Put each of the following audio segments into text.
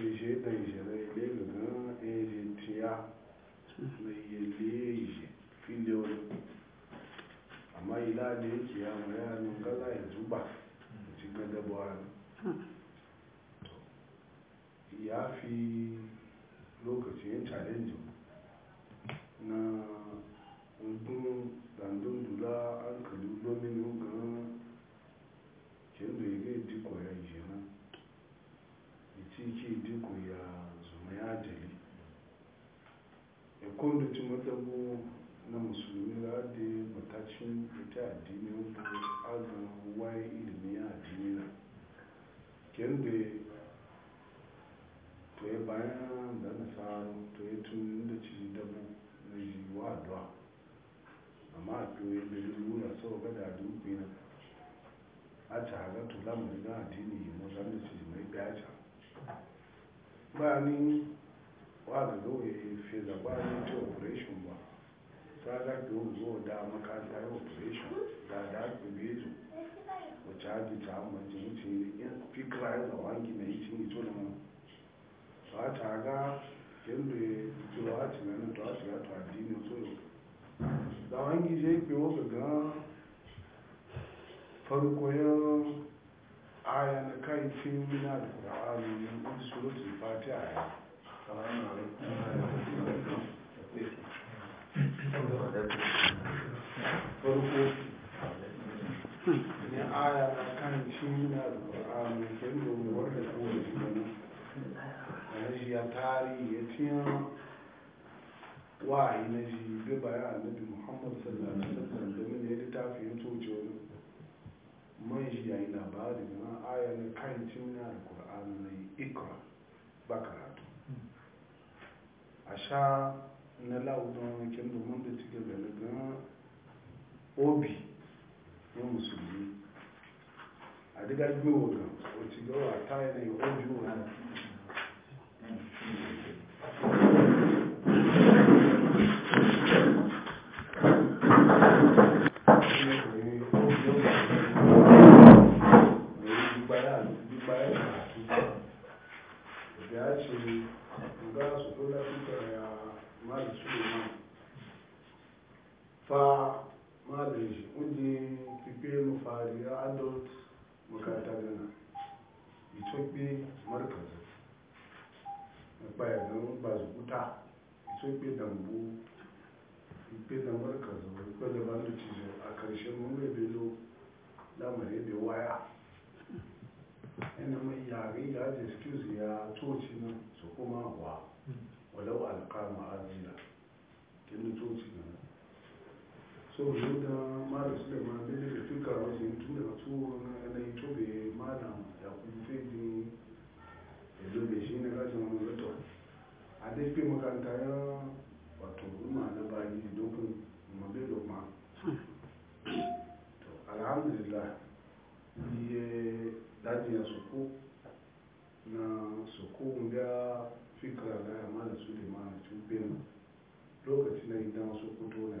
ji je da jere ile gaga eji tiya na yele ije fili wani amma ila da ya maya nun gaza ya zuba ya fi lokacin challenge ya addini wuto azan ilimi ya addini na kende to ya bayan da nasarar to ya tun da ci dabu na yi wa addu'a amma to ya da lura sau ga da na a caga to lamarin na addini yi mazan da ci mai gaja bayanin wa da gawaye fi zaba ne ta operation Further to go down Macarthur operation that that will be to which I did how much eating few clients are one game eating to aga So I taga can be ya aya e na kai na da wahayi na shi bi bayan annabi muhammad sallallahu alaihi wasallam domin ya littafi ya toce wani man shi yayi labari na aya na kan cinna da qur'ani na ikra ba karatu a sha na la'udon wankin domin da suke galigan obi na musulmi a diga gbewa ga wacce gawa ta yanayi obi wani karshe mun ga bezo lamarin da waya yana mai yari ya ji excuse ya toci nan su kuma wa walau alƙama azina kin toci nan so yau da mara su da ma da da tukar wasu tun da su na yi tobe mana ya kuma feji da zobe shi na gajin wani zato a dai fi makaranta ya wato ma'ana daji ya suku, na soko ga fikra da ya mala suleiman cubin lokaci na idan sokoto 1992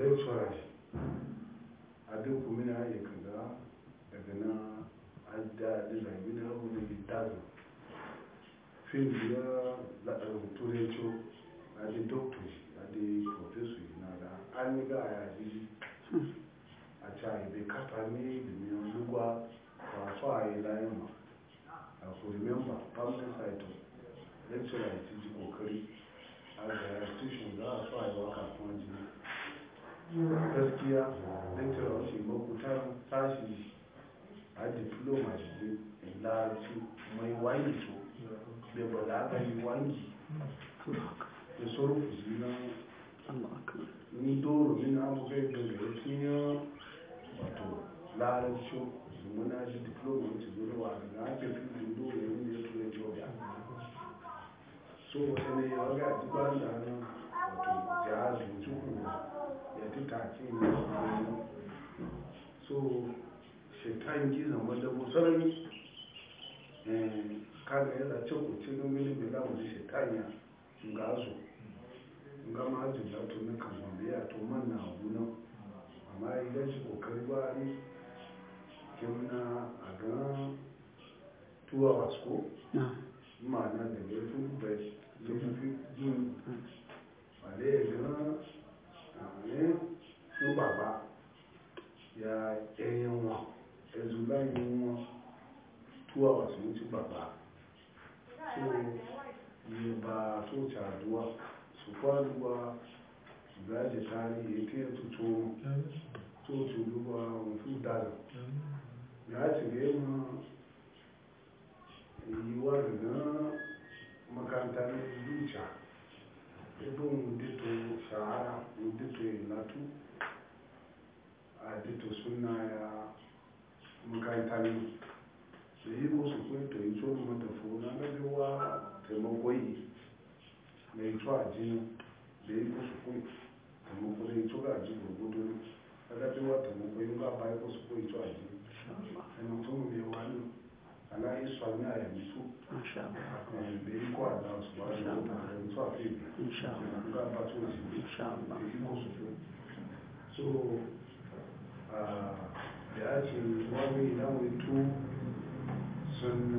lecturer a duk kumina ya kaga daga na adda da mina abu da littafin fil ya laɗa rubutu da ya ce a di doctor a di professor na da an yi ga a yaji shaibe kata ne da ne lugwa ba su a yi layin ma a ku remember pamphlet site lecturer ya ji kokari a da institution za a su a yi waka kuma jini gaskiya lecturer wasu yi makuta sashi a diploma shi ne larabci mai wani so da aka yi wangi da sauran fusi na ni doro min abubuwan gangarin wato larabcin zumuna ji diploma wuce zuwa na ake fi dubu da yin ya tura jobiya so ne ya waga ji ba da hannun wato jihazin cikin ya ti kaki ne so shekan gizon wadda musarami kaga yana ce ku ci gangani mai lamu ji ga azu ga ma da to na kan wanda ya to manna abu nan amma idan shi kokari ba ne kimna a gan tuwa wasko ma'ana da ya fi bai ya fi jin wale ya gan amune su baba ya ɗanyen wa ẹzùgbáyìn wọn tuwa wasu ti baba so yi ba so ta duwa su kwaduwa ìbírájẹ̀ sáárí ètí ètùtù tó tùlúwà òfin dára láti rẹ̀ mọ́ èyí wà rìnà makanta ní ìlúìjà ebe òǹdítò sahara òǹdítò ìlàtú súnà ya makanta ní èyí kò sì pé wá yìí lẹ́yìn tó kò sì pé taimako ne to ga ji gurgudu daga cewa taimako yin ba bayan wasu ko ito a ji sai mutum mai wani ana yi sami a yanzu da yi ko a da su ba da yanzu a fi ga ba tun a shi da yi ko su fi so da ya ce wani idan wani tu sun ne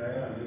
that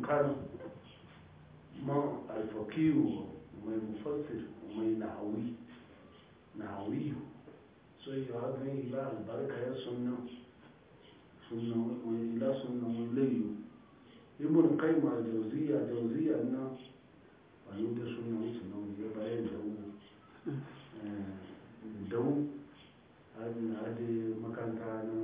munkar man alfaqihu mai mufassir mai nahawi nahawi so yi wa ga ila albarka ya sunna sunna wa ila sunna mulliyu ibn qayyim ma jauziya jawziyya na wani da sunna na ne bayan da dawo a da makaranta na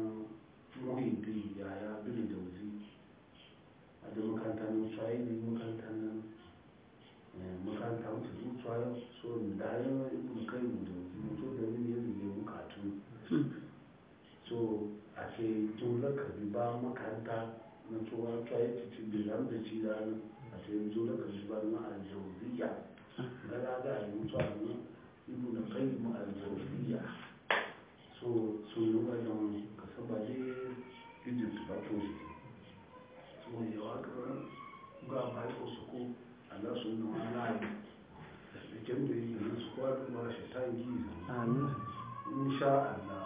ce dole ka bi ba makaranta na tsohuwa tsaye cici biran da ci rana a ce dole ka bi ba na aljauriya gara da yi mutu a nan ibu na kai mu aljauriya so so yi wajen ka saba ne su ba to shi so yawa karan ga ba yi kusa ko ala su na wani ayi da kyan da yi da su kwa duk ba shi ta yi gizo insha Allah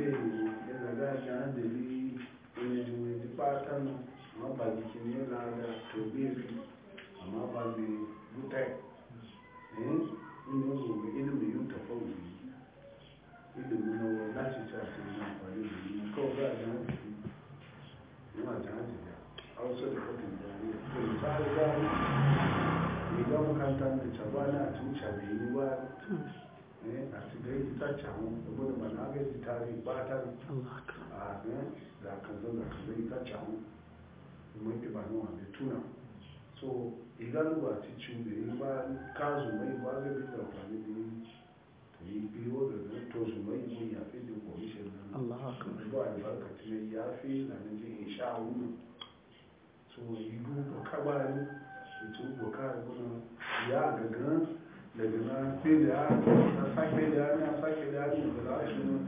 yewu yanagashadeli emejuwezi patano amabazikinielada tobezi ndị butai inozowe ilimi àti eh, lẹ́yìn tare àwọn ọgbọ́n ìmọ̀nà abẹ́sì tààrí ìbátàrí ààrẹ ìdàkànzọ́ ìdàkànzọ́ ìtajà àwọn ìmọ̀ ìpẹ̀bà náà àbẹ̀ túnà so ba àti chimbe ìgbà káàzù mọ́ ìgbà lẹ́bí ìdàkà níbi èyí bí ó bẹ̀rẹ̀ tóòzù mọ́ ìgbà ìyàfẹ́ ìdìbò ìṣẹ̀ ba ìgbà àlùbáríkà ti lè yáfẹ́ ìlànà ìjẹ́ ìṣà àwọn náà so ìlú bọ̀kágbára yi ètò bọ̀kágbára ya gangan daga nan sai da na sake da na sake da ni da za shi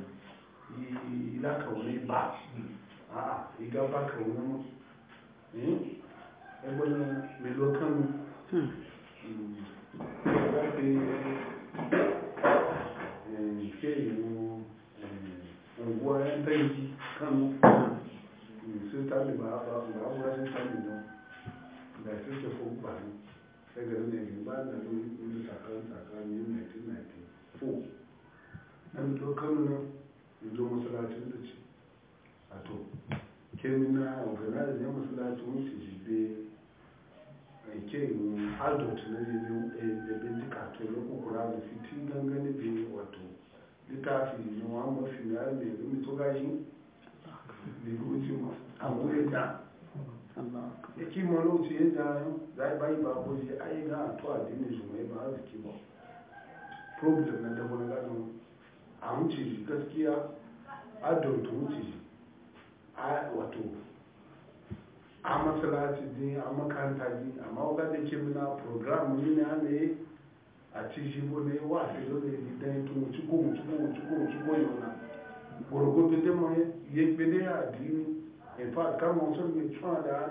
ila kaune ba a iga ba kaune mu eh ebon me lokan mu ba hmm. hmm. ke eh ke mu eh, unguwa yan dangi kan mu hmm, sai ta ba ba ba ba sai ta ne da sai ta fuku ba sai ga ne ba na dole tsakanin tsakanin 1994 na fito kano na yanzu masalacin da ce a to kemi na organize ya masalacin wasu jibe a eh, ke yi adult na jibe da eh, bincika to ya kukura da fitin gangane biyu wato littafi na wa mafi na mai gami to gashi da gudu ce masu eki mwana uti yeda zaiba iba abozi aiga atwa adini zuma iba arziki ba problem na dabo na gano a wuce gaskiya a donta a wato a masalaci din a makaranta din amma waga da ke mina program ni ne ana yi a ci na bo ne wa fi zo yi dan tun wuce ko wuce na ya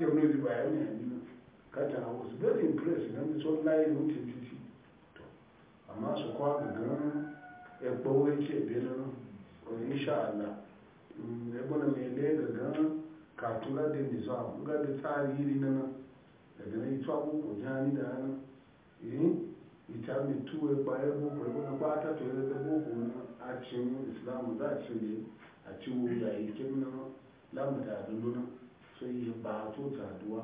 yaunozi bayani yanzu kata i was very impressed na ndị ahụ láyé ló ti ti ti tọ àmọ́ àsọkọ àgbẹ̀gán ẹ̀pọ̀ owó ẹ̀kí na lọ́nà ọ̀rẹ́ iṣẹ́ àlà ẹgbọ́n mi ẹ̀lẹ́ gàgán kàtó láti nìsọ na gàdé táàrí rí nana gàgán ìtú àkókò já na dáná èyí ìta mi so yi ba to tsaduwa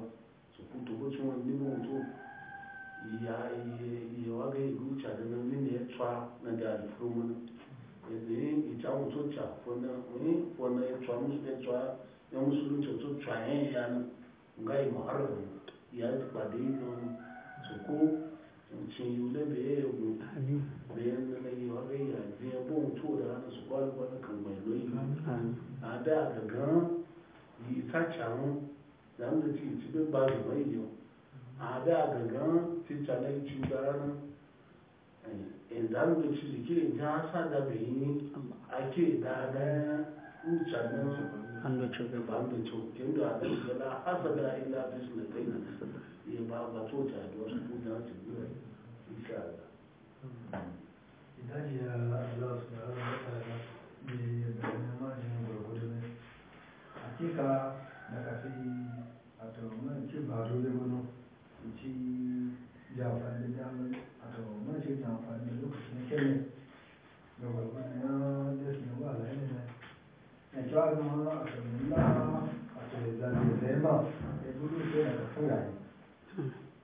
su kuto ko cin wani nemo to ya yi waga yi ruca da nan mini ya tsa na da alifuru mana ya zai ita mutu ca wani ya tsa musu ya tsa ya musulunci to tsa ya yana ga yi ma'arar ya yi pàdé ìlọrin sòkó yi lẹ́bẹ̀ ẹ̀gbọ́n bẹ́ẹ̀ lẹ́yìn ọ̀rẹ́ ìyàgbé ẹgbọ́n tó rẹ̀ su sòkó alùpàdé kan gbẹ̀lú ìlú ga gan. yi sachamu zanda ci ci bin ba su mai yau a da gangan ti canai ci garan in zanda ci ke ya sa da bai yi ake da da ucanin hannu cobe ba hannu cobe da a ɗan gada hasa da ila bisne kai na ya ba ba to ta da wasu kuma ta biyu insha Allah idan ya Allah subhanahu hakika da ka sai wato mun ci baro ya gudu ci da amfani da wato mun ci da amfani da lokacin kene da wannan ya da shi ne wala ne ne to an ma wato mun da wato da da ma e gudu da ka fura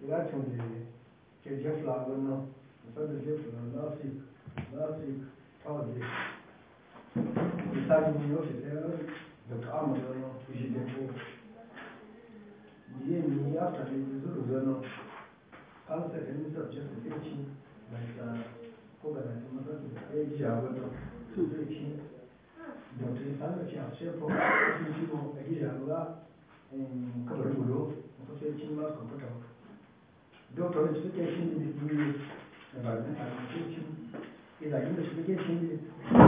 ila tun da ke jafla wannan musamman jafla nasi nasi kawai misali ne yau shi dr ahmad rano shi ne ni ya tafi zuru zano an ni sabje su kai ci mai tsara ko ga nan maza su da kai a su zai da ta yi tsara ci a shefo su ci ko a gida ruwa kabar gulo ko sai ci ma kwamfuta doctor su ne biyu da ba zai a cikin ila inda su kai ne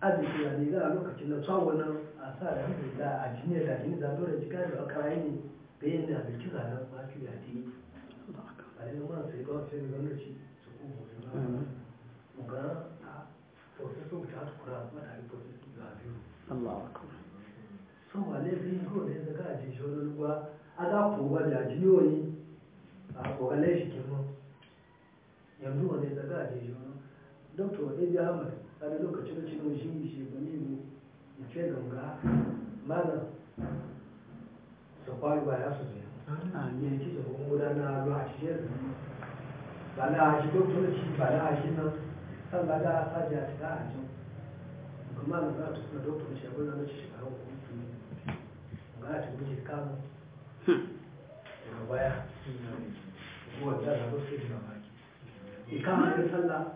arziki a ne za lokacin da tsawon nan a sa da hannu da a jini da jini dole jika da aka rayu ne da yin da bikin ranar mafi da ta yi a yi ma sai ba sai da wanda ci su kuma su mm-hmm. ga a profesor ta kura yi profesor da biyu Allah akwai sun fi yi zaka a shi wani ruwa a za ku ba da jini wani a kokalai shi kenan yanzu wani zaka a shi wani doktor ɗaya ya hamadu wani lokacin cino shi shi gani ne ya mana ba ya su zai ya ci su kuma gudana ruwa a cikin ba na a shi doktor ci ba na a nan san ba da a saji a cika a kuma na za ta kuma doktor ci abin na ci kuma ba na ci guje kama baya kuma da na rufe da sallah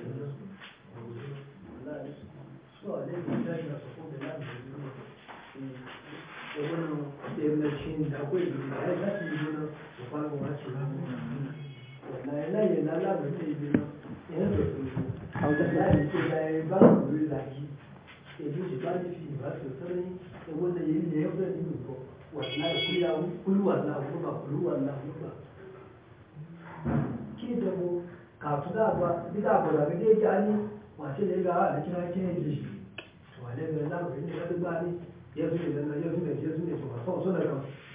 sọ pé èdè ìgbàlẹ̀ láti ìlú náà ìpanu wá sí láàmú ọ̀nà ẹlẹ́yìn láláàmú sí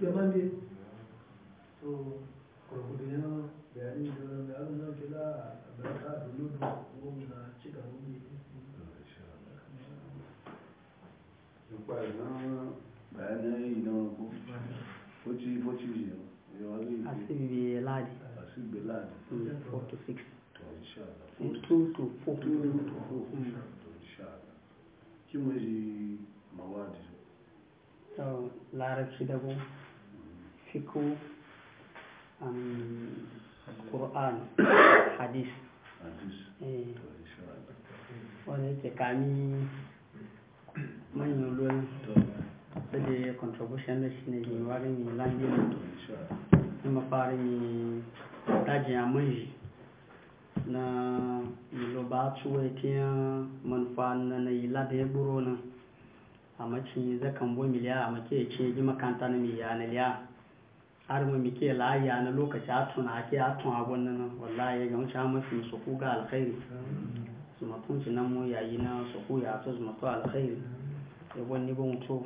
zama ne to kurkudin bayanin da abin nan ke za a barka da kuma gomna cika wani bayanai na ko fiku kur'an hadis wanda yake kami manyan ruwan da contribution da shi ne yiwuwarin milani na mafarin dajin amuji na iloba tuwa kiyan manufa na na ila da ya buro nan a macin zakan bo miliya a mace ce ji makanta na miliya na liya har mu muke layya na lokaci a tuna ake a tun abun nan wallahi ga sha mafi su ku ga alkhairi su matun ci nan mu yayi na su ku ya to su matu alkhairi ya wani ban to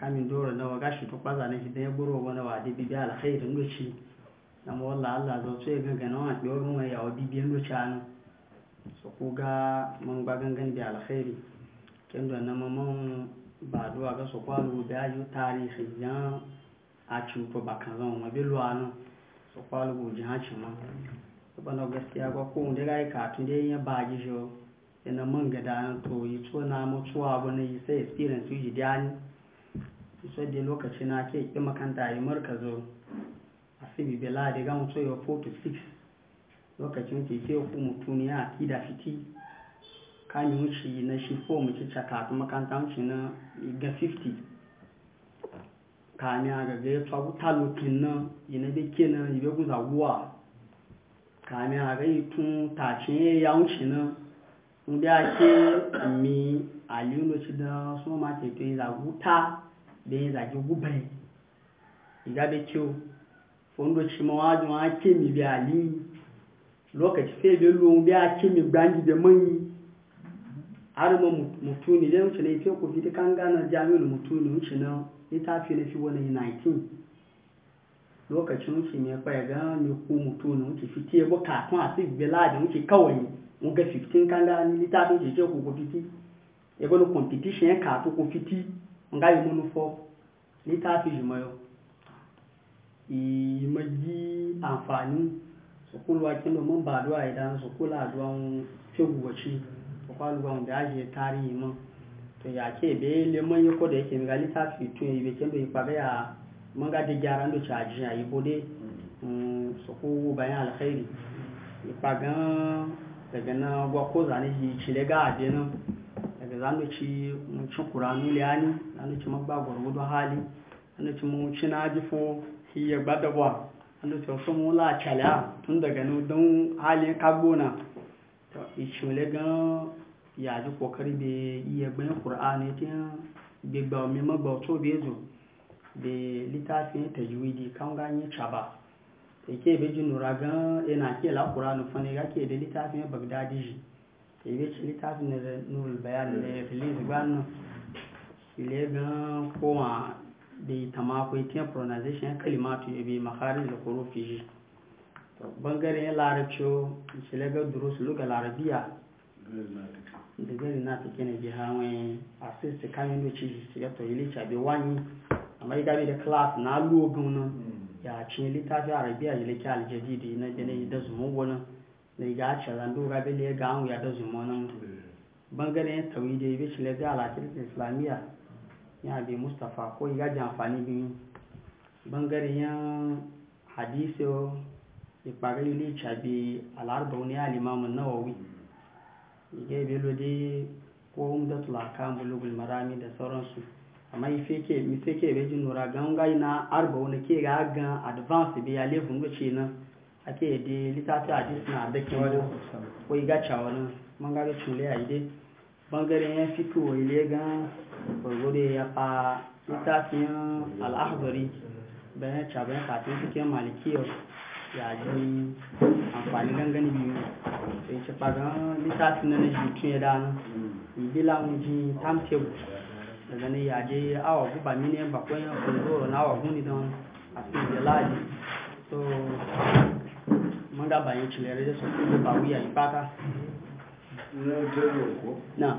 kamin dora na waga shi to kwaza na shi da ya buro wani wa da bibi alkhairi shi na nan wallahi Allah zo to ya ganga a wani yawon mai yawo bibi no shi an su ku ga mun ba gangan bi alkhairi kendo na mamon ba duwa ga su kwalu da yi tarihi yan a ko bakan zama ma bilu anu so kwalu go jihan ma so bana gaskiya ba ko unde ga ka tun dai ya ba ji jo ina man ga da to yi to na mu tuwa ne yi sai experience yi dani so dai lokaci na ke ki makanta yi markazo asibi bela da ga mu to yo 4 to lokacin ke ke ku mutuni a kida fiti kan wuce na shi 4 mu ci chaka kuma mu wuce na ga 50 kàní àgàgẹ́ tọ́gútà lókin náà ìnẹ́bẹ́kẹ́ náà ìbẹ́gùn zàgúwà kàní àgàgẹ́ ìtún tàcín ẹ̀yà ń ṣe náà ń bí a ṣe mi àlíúnlọ́sí dáná súnmọ́ máa tètè ìzàgútà bẹ́ẹ̀ ìzàgúgú bẹ́ẹ̀ ìgábẹ́kẹ́ o fóńdọ́sí mọ́ wájú ma wajen ake mi bi ali, lokaci sai bẹ́ẹ̀ lóhun bí ake mi mi gbáǹdì manyi, mọ́yìn ma mọ́ mùtúni lẹ́yìn ìṣẹ̀lẹ̀ ìfẹ́ kò fi dé káńgá náà jáwé lò mùtúni ń littafi na shi wani 19 lokacin wuce mai kwaya ga mai ku mutu ne wuce ya fite bukatun a sik belajin wuce kawai mu ga 15 kan ni littafin ce ce ku ku fiti ya gwani competition ya katu ku fiti n ga yi manufo littafi jimayo imagi amfani su kulwa kilo mun ba duwa idan su kula duwan fi gwaci su kwaluwa da ajiye tarihi mun yake be le man yi ko da yake ngali ta fi tun yi be kendo yi pabe ya man ga de jaran do cha jin ayi bode mm so ko bayan alkhairi ipagan daga na gwa ko zane yi chile ga ade nan daga zanu ci mun ci qur'anu le ani zanu ci magba gurgudu hali zanu ci mun ci na jifo hiya gbadabwa zanu ci so mun la chala tun daga nu don hali kagona to ichule gan yaji kokari da iya gbayin qur'ani tin be gba mi ma gba to be zo di litafin tajwidi kan ga ni chaba yake be nura gan ina ke la qur'ani fa ne ga ke da litafin bagdadi ta yi ci litafin ne nul bayan fi lezi gan ile gan ko ya be tamakwai tin pronunciation kalimatu be makharij al-huruf bangare bangaren larabci shi lagar durus lugar larabiya ndegeni na kene bi ha wen assist kanyo no chi yato ile bi wanyi amma iga bi da class na alu ogun no mm. ya chi ile ta ja arabiya ile ki yi na yi da zumu wani ne iga a ran na ga bele ga an ya da zumu nan mm. bangare tawide bi chile ga ala kirki ya bi mustafa ko iga ja amfani bi bangare yan hadisi o ipare bi al ige belo dai ko umdatul ahkam bulugul marami da sauransu amma ifeke mi seke be jin nura gan gai na arba wani ke ga gan advance bi ya lefun go na nan ake de litafi hadis na da ke wani ko iga chawa nan man ga ga chule ai dai bangare ya fiki wo ile gan gurgure ya pa litafin al-ahdari bayan chaban kafin fikin malikiyar yayin amfani gangani biyu sai ci fagan littafin na shi tun ya dana ibi lamuji timetable da gani yaje awa guba mini yan bakwai yan kundoro na awa huni don a fi da laji so mun da yin cilere da su kuma ba wuya na yi fata na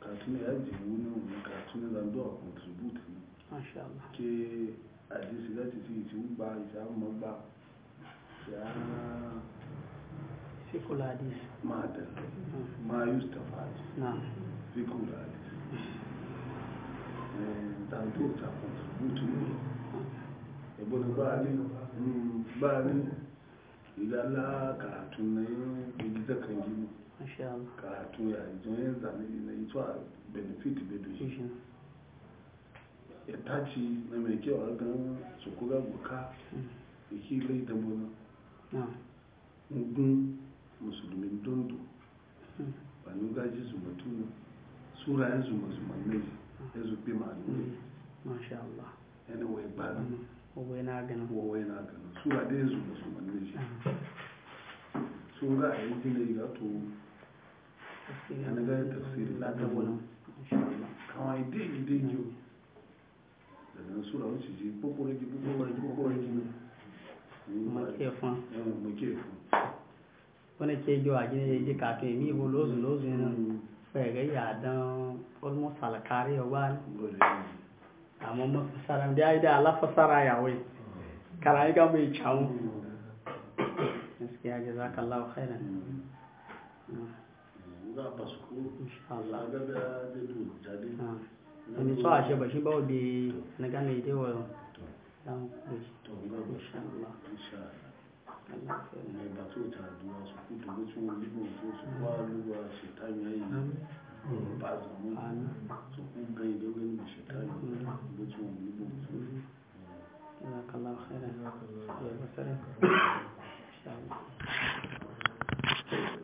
katuna ya jimu na wani katuna da ndo a contribute ne ke adisi láti fi ìtìwú gba ìsàmọ́ ba ya fíkúlà adisi máa tẹ̀lẹ̀ máa yóò staffa adisi fíkúlà adisi tàbí òta contribute ne ẹgbọ́n bá ní bá ní ìdálá katuna yóò gbẹ̀gídẹ́kẹ̀ẹ́ karatu ya jiyoyin zane na yi zuwa benefit bedo shi ya taci na mai kyau a gan su kura buka da hmm. ke lai da muna mugun musulmin dondo hmm. ba ni gaji zumatu na sura su zuma zumannai ya zubi ma'alumai hmm. masha Allah yana wai ba wawai na ganin wawai na ganin sura dai zuma ne shi sun ga a yankin da ya gato yana gani tafsiri na tabbana kawai dai dai da nan sura wuce ji kokore ji kokore ji kokore ji makefa wani ke jo a gina ya ji kafin mi bu lozu lozu yana fere ya dan almost alkari ya wani amma mafasara da ya yi da alafasara ya wai mm. kara yi ga mai cawo mm. gaskiya jazakallahu khairan mm. Ah. wani so a shi ba shi ba wadda na gane ita wa dan kushi insha Allah mai batu ta duwa su kuta su ba zamu su kun gai dogon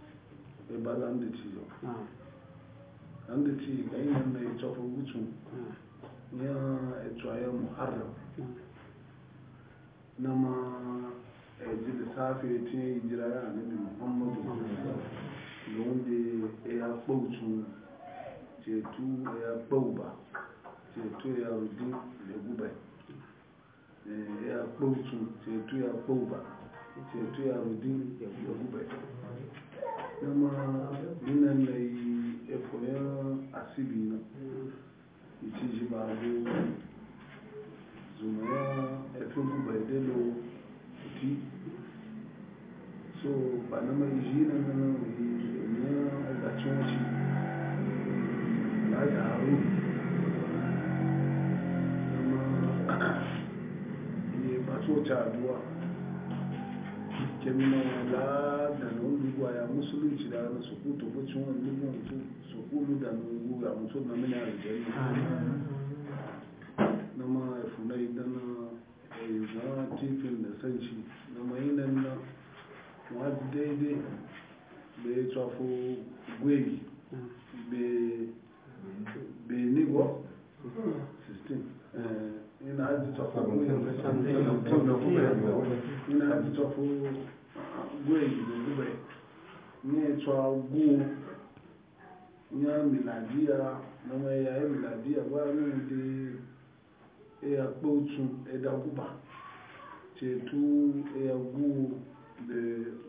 sai ba za da ci yau an da ci ga yin ya tafi gutu ya tsaye muharram ah. na ma yi eh, ji lissafi ce jira ya annabi muhammadu ah. ga wanda ya bautu ceto ya bau ba ceto ya rudu da gubai ya eh, bautu ceto ya bau ba ceto ya rudu da gubai dama nina na yi efoya asibi na ichi ji ba abu zuma ya efe guba edelo ti so ba na mai ji na na na mai emiya agacin wace ba ya haru dama ne ba so ta suku tufu cin wani mutu suku mi da nungu ya mutu na na ma ya da sanci na mai nan na wajen daidai da ya tsafo gwegi benigo 16 ina aji tsafo gwegi ina aji tsafo ní ètò àgbò ní àmìlàdíà lọ́mọ ẹ̀yà àmìlàdíà wà ní ìdí ẹ̀yà pọ̀tún ẹ̀dàkùbà tètú ẹ̀yà gbò lè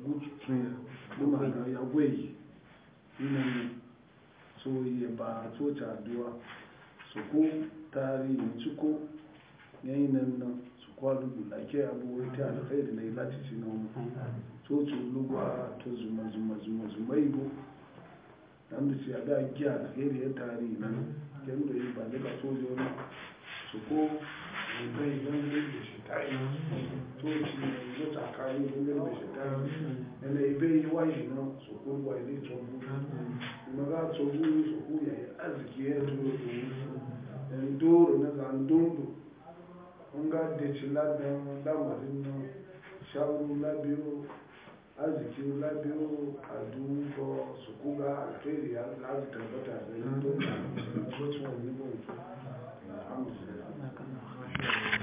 gútùtù yà lọ́mọ ẹ̀yà gbò yìí nínú tó yẹ bá tó tàdúwà sùkú tààrí ìtúkó yẹ́yìn náà sùkú àlùkù láìkẹ́ àbúrò tí yi ìdílé láti sínú ọmọ soci lugwa ta zuma zuma zuma zuma ibo nan da ce da giya alheri ya tari nan kyan da yi ba daga soji wani su ko da idan da ke shi tari soci na tsakani don da shi tari yana bai yi washi nan su ko wa ne tsobu kuma za tsobu su ko ya yi arziki ya turo da wusu yan doro na zandondo kun ga da ci ladan lamarin nan shawarar labiyo arziki biyu a dubo su kuga alkhairi ya zaɓi tabbata da yin don da wasu wani